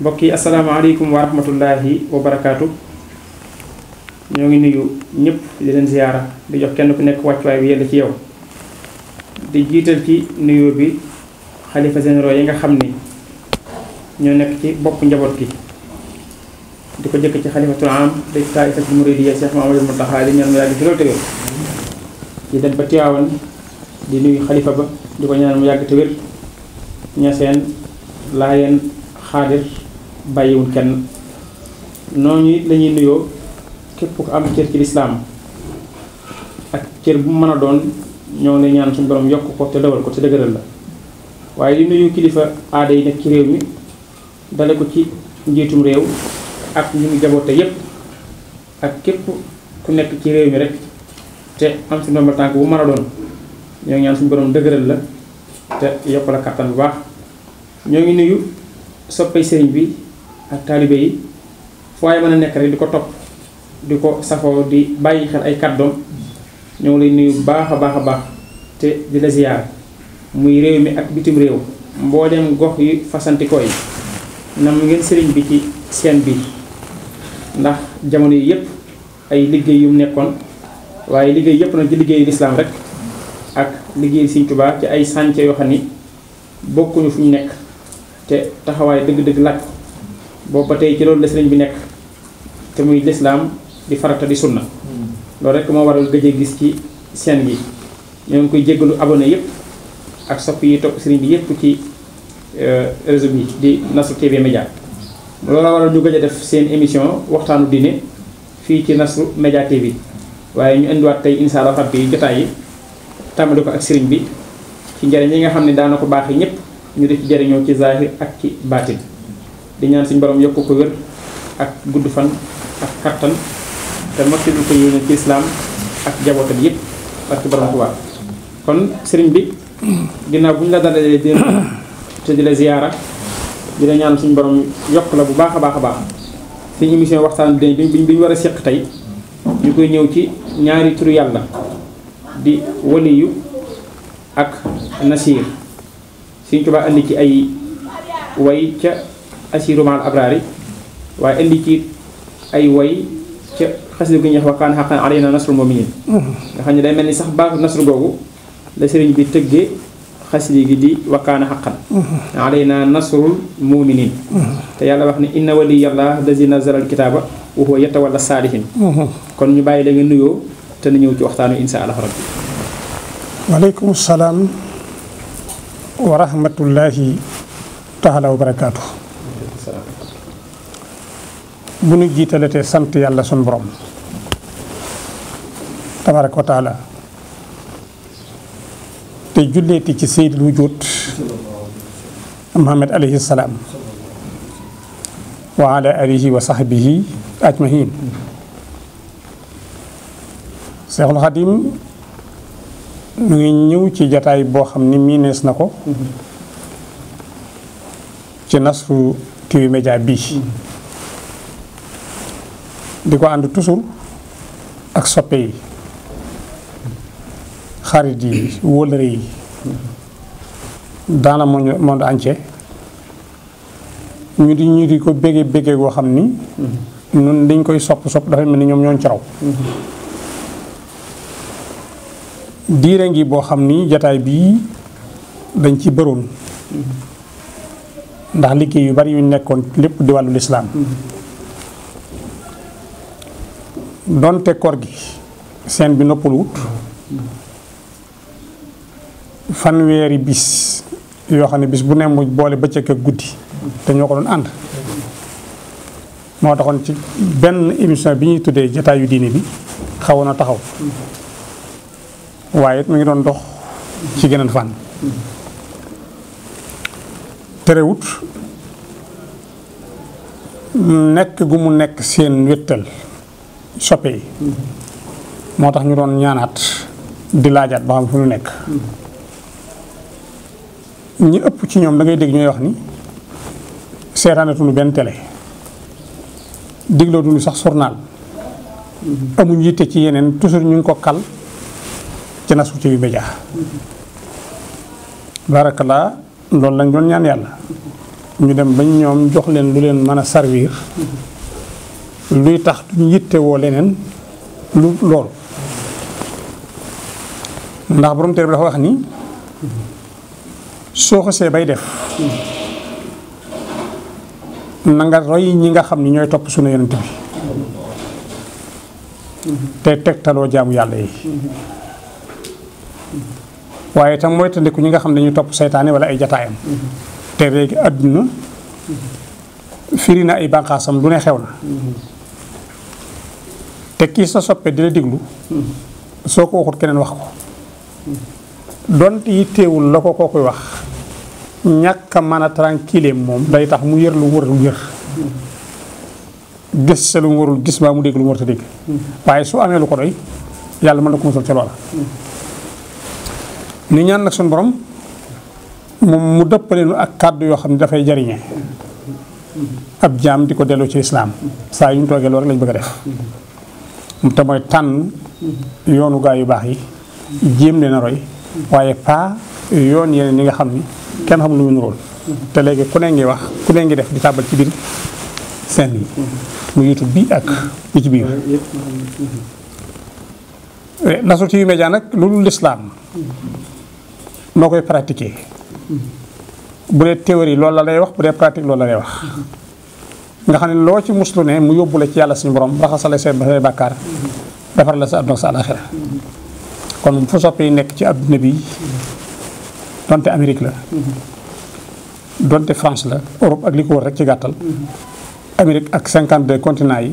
mbokk yi asalaamaaleykum wa rahmatullahi wa barakaatu ñoo ngi nuyu ñëpp di leen ziyaara di jox kenn ku nekk wàccuwaay bi yell ci yow di jiital ci nuyu bi xalifa généraux yi nga xam ni ñoo nekk ci bopp njaboot gi di ko jëkk ci xalifatul am di taaifatul muridiyya Cheikh Mamadou Mountakha di ñaan mu yàgg ci loolu tëwér di dem ba di ko ñaan mu yàgg te wér ñaseen laayeen xaadir bàyyiwul kenn noonu lañuy nuyoo képp ku am cër ci lislaam ak cër bu mën a doon ñoo ngi ñaan suñu borom yokk ko te dawal ko te dëgëral la waaye di nuyu kilifa aada yi nekk ci réew mi dale ko ci njiitum réew ak ñu mu yépp ak képp ku nekk ci réew mi rek te am si ndomba tànk bu mën a doon ñoo ñaan suñu borom dëgëral la te yokk la kàttan bu baax ñoo ngi nuyu soppay sëriñ bi ak taalibe yi fu waaye mën a nekk rek di ko topp di ko safoo di bàyyi xel ay kàddoom ñoo ngi lay nuyu baax a baax a baax te di la ziyaar muy réew mi ak bitim réew mboolem gox yi fasantikoo yi nam ngeen sëriñ bi ci seen bi ndax jamono yi yëpp ay liggéey yu nekkoon waaye liggéey yëpp nag ci liggéeyu lislaam rek ak liggéey Sëriñ Tuubaa ci ay sànce yoo xam ni bokkuñu fu ñu nekk te taxawaay dëgg-dëgg laaj boobu ba tey ci loolu la sëriñ bi nekk te muy lislaam di farata di sunna loolu rek moo war gëj a gis ci seen bi ñoo ngi koy jéggalu abonné yëpp ak sopp yi topp sëriñ bi yëpp ci euh, réseau bi di nasu TV Média loolu la waral ñu gëj a def seen émission waxtaanu diine fii ci nasu Média TV waaye ñu indiwaat tey incha allah rabbi jotaay yi tàmbali ko ak sëriñ bi ci njëriñ yi nga xam ne daana ko baax yi ñëpp ñu di ci jëriñoo ci zahir ak ci baatin di ñaan suñu borom yokku ko wér ak gudd fan ak kattan te mottali ko yéene ci islaam ak jabootam yëpp parce que borom Tuubaa kon sëriñ bi ginnaaw bu ñu la dalalee di te di la ziyaara di la ñaan suñu borom yokk la bu baax a baax a baax suñu émission waxtaan bi biñ biñ war a seq tey ñu koy ñëw ci ñaari turu yàlla di waliyu ak nasiir suñu Tuubaa indi ci ay way ca asiiru maal abraari waaye indi ci ay way ca xasida gu ñuy wax wa kaana haqqan alaynaa nasrul mu'miniin nga xam ne day mel ni sax baax nasru googu la sëriñ bi tëggee xasida gi di wakaana xaqan alayna nasrul muminin te yàlla wax ne inna waliyallah lazi nazala alkitaaba wa huwa yatawalla saalihin kon ñu bàyyi la nga nuyoo te na ñëw ci waxtaanu insha allah rabbi waaleykum salaam wa rahmatullahi taala wa barakaatu bu nu jiitalatee sant yàlla sun borom tabaraka wa taala te julleeti ci seydil wujud Muhammad alayhi salaam wa ala alihi wa sahbihi ajmahin Seexul Xadim nu ngi ñëw ci jataay boo xam ni miinees na ko ci Nasrou TV Média bii di ko ànd toujours ak soppe yi xaridi wolere yi dana monde monde entier ñu di ñu di ko bége bége sop xamni ñun dañ koy sop sop dafa melni ñom ñoon ci raw diire ngi bo xamni jotaay bi dañ ci bëroon ndax yu bari yu nekkon lepp di walu l'islam donte koor gi seen bi wut fanweri bis yo xamne bis bu nemu boole ke ak guddi te ñoo ko doon ànd moo ci ben émission bi tuddé jota yu diiné bi xawona taxaw waaye it ngi don dox ci fan téré terewut nek gu mu nek seen wéttal shopee, yi tax ñu don ñaanat di ba fu ñu ñi ëpp ci ñoom da ngay dégg ñooy wax ni seetaanatuñu benn dégloo déglootuñu sax journal amuñ yitte ci yeneen toujours ñu ngi ko kal ci nasu ci yu média barakalaa loolu lañ doon ñaan yàlla ñu dem bañ ñoom jox leen lu leen mën a servir luy tax duñ yitte woo leneen lu loolu ndax borom téere bi dafa wax ni soo xasee bay def na nga roy ñi nga xam ni ñooy topp sunu yonent bi te tegtaloo jaamu yàlla yi waaye itam mooy tandiku ñi nga xam ne ñu topp seytaane wala ay jataayam te léegi àdduna firi na ay bànqaasam lu ne xew na te kii sa soppe di la diglu soo ko waxut keneen wax ko donte la ko kookuy wax ñak mana tranquille mom day tax mu yër lu lu yër gis sa lu warul gis ba mu dégg lu ta dégg waye su amé lu ko doy yalla man ko musal ci lola ni ñaan nak sun borom mom mu dëppaleenu ak kaddu yo xamni da fay jariñe ab jam diko ko ci islam saa yu toge toogee rek lañ bëgg a def te mooy tan yoonu gaay yu bax yi jëm leen roy waye pa yoon yeneen ni nga xamni kenn xamul lu mu nuróol mm-hmm. te léegi ku ne ngi wax ku ne ngi def di tàbbal ci biir seen yi mm-hmm. mu YouTube bi ak yi mm-hmm. ci biir nasu ci média nag loolu lislaam moo koy pratiquer bu dee théorie loolu la lay wax bu dee pratique loolu la lay wax nga xam ne loo ci muslu ne mu yóbbu la ci yàlla suñu borom raxasale seen say bàkkaar defar la sa àdduna sa àlaxira kon fu soppi nekk ci àdduna bi donte amerique la donte France la Europe ak liko rek ci gatal amerique ak 52 continents yi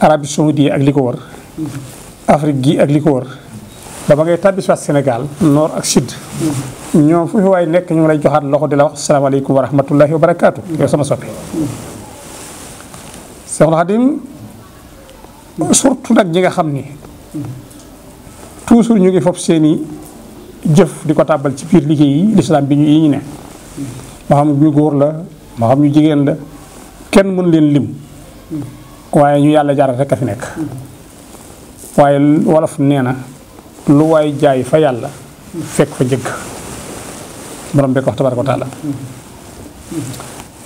Arabie saoudie ak liko wor Afrique gi ak liko wor wër ba ba ngay tàbbi soit senegal nord ak sud ñoo fu way nek ñu lay joxat loxo di la wax assalamu alaykum wa rahmatullahi wa barakatuh yow sama soppe Seexul hadim surtout nak ñi nga xamni ni toujours ñu ngi fop seeni jëf di ko tàbbal ci biir liggéey yi lislaam bi ñu yi ñu ne moo xam ñu góor la moo xam ñu jigéen la kenn mën leen lim waaye ñu yàlla jaaral rek a fi nekk waaye wolof nee na lu waay jaay fa yàlla fekk fa jëgg borom bi ko wax tabaaraka wa taala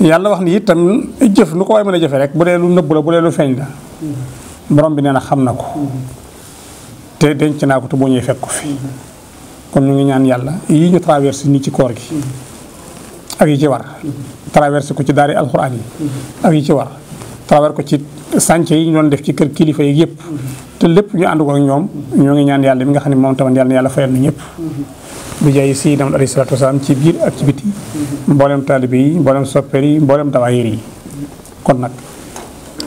yàlla wax ni itam jëf lu ko waay mën a jëfe rek bu dee lu nëbb la bu dee lu feeñ la borom bi nee na xam na ko te denc naa ko te boo ñëwee fekk ko fi kon ñu ngi ñaan yàlla yi ñu traversé ci koor yi ci traversé ko ci daari alxuraan yi ak yi ci war traversé ko ci sànce yi ñu def ci kër kilifa yi yëpp te lépp ñu ànd ñoom ñoo ngi ñaan yàlla mi nga xam ne moom tamit yàlla na yàlla ñëpp bi jaay si dam alayhi ci biir ak ci biti mboolem taalibe yi mboolem yi mboolem dawaayir yi kon nag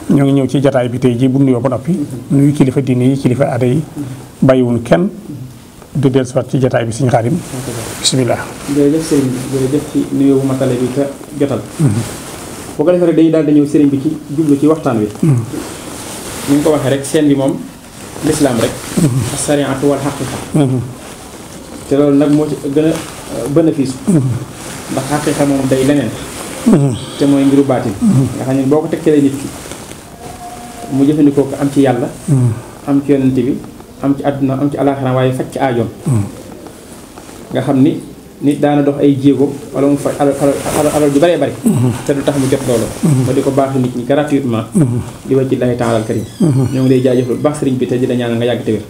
ñoo ngi ñëw ci jataay bi tey ji bu nuyoo ba noppi nuyu kilifa diine yi kilifa aada yi bàyyiwuñu kenn du dellu siwaat ci jataay bi suñu xaarim bisimilah jërëjëf sëriñ bi jërëjëf ci nuyoo bu matale bi te jotal boo ko defee rek dañuy daal di ñëw sëriñ bi ci jublu ci waxtaan wi mm-hmm. ni nga ko waxee rek seen bi moom lislaam rek mm-hmm. asariatu wal xaqiqa mm-hmm. te loolu nag moo ci gën a euh, bénéfice ndax xaqiqa moom day leneen te mooy mbiru baatin nga xam ne boo ko tegtalee nit ki mu jëfandikoo ko am ci yàlla am ci yonent bi am ci àdduna am ci alaaxira waaye faj ci aajoom nga xam ni nit daana dox ay jéego wala mu faj alal alal ju bëree bëri te du tax mu jot loolu ma di ko baax nit ñi gratuitement di wàcc laahi taalal karim ñoo ngi lay jaajëfal bu baax sëriñ bi te di la ñaanal nga yàgg te wér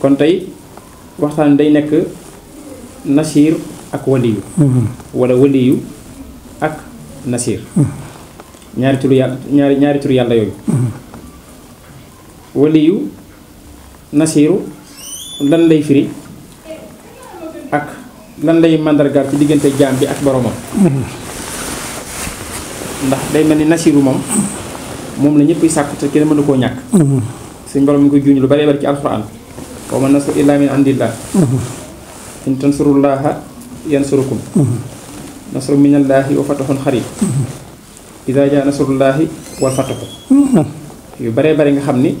kon tey waxtaan day nekk nasiir ak waliyu wala waliyu ak nasiir ñaari turu yàlla ñaari ñaari turu yàlla yooyu Nasiru, lan lay firi ak lan lay mandar ci digënté jambi bi ak boromam ndax day melni nasiru mom mom la ñëpp sakku te kene mënu ko ñak suñ borom ngi ko juñu lu bari bari ci alquran wa man nasu illa min indillah in tansurullah yansurukum nasru minallahi wa fatahun kharib ida ja nasrullahi wa fatahu yu bare bare nga xamni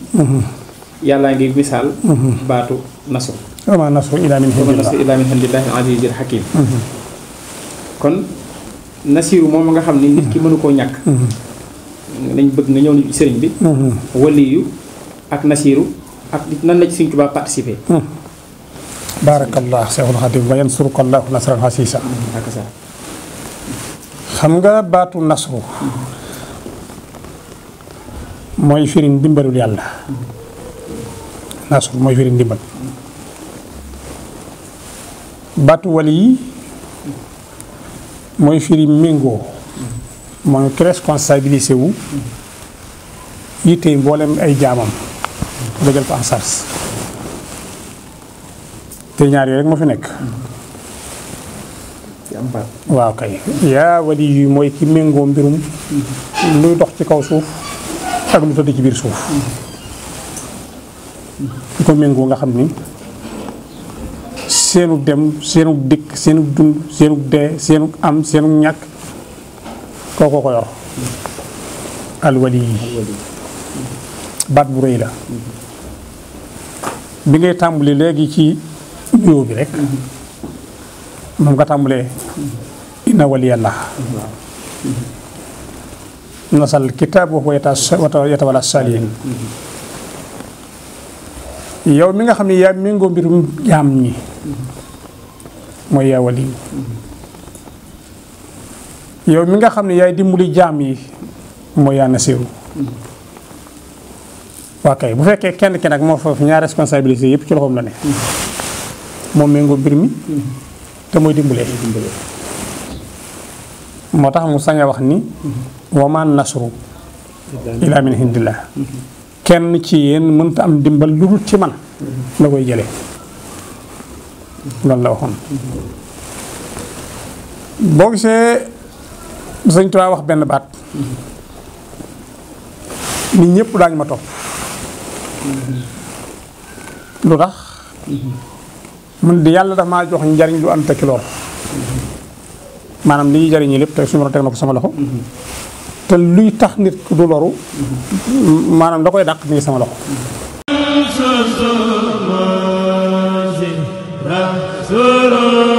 yalla ngi gissal mhm. batu nasu wa nasu ila min indillahi azizil hakim mhm. kon nasiru mom nga xamni nit ki mënu ñak ñàkk mhm. nañ bëgg nga ñew ni sëriñ bi waliyu ak nasiru ak nan la ci sëriñ tuba participer barakallah Seexul Xadim wa yansuruka nasran hasisa xam nga batu nasru moy firiñ dimbalul yalla nasru mooy firi ndimbal baatu wali yi mooy firi méngoo mooy ki responsabilisé wu yittee mboolem ay jaamam nga jël ko en charge te ñaar yooyu rek moo fi nekk waaw kay yaa wali yi mooy ki méngoo mbirum luy dox ci kaw suuf ak lu tëdd ci biir suuf di ko méngoo nga xam ni seenu dem seenu dikk seenu dund seenu dee seenu am seenu ñàkk kookoo ko yor alwali yi baat bu rëy la bi ngay tàmbali léegi ci nuyoo bi rek moom nga tàmbalee inna waliyallah nasal kitaab wa yata yatawalla salihin yow mi nga xam ne yaa méngoo mbirum jaam ñi mooy yaa wali yow mi nga xam ne yaay dimbali jaam yi mooy yaa nasiru waa kay bu fekkee kenn ki nag moo foofu ñaar responsabilité yëpp ci loxoom la ne moom méngoo mbir mi te mooy dimbalee moo tax mu sañ a wax ni wamaan nasru ilaa min hindillah kenn ci yéen mënta am dimbal lu dul ci man la koy jëlee loolu la waxoon boo gisee sëñ Tuubaa wax benn baat nit ñëpp daañu ma topp lu tax man di yàlla dafa maa jox njariñ lu ànd te ki maanaam li jariñ jariñi lépp te suñu war a teg na ko sama loxo te luy tax nit ku du loru maanaam da koy dàq mi loxo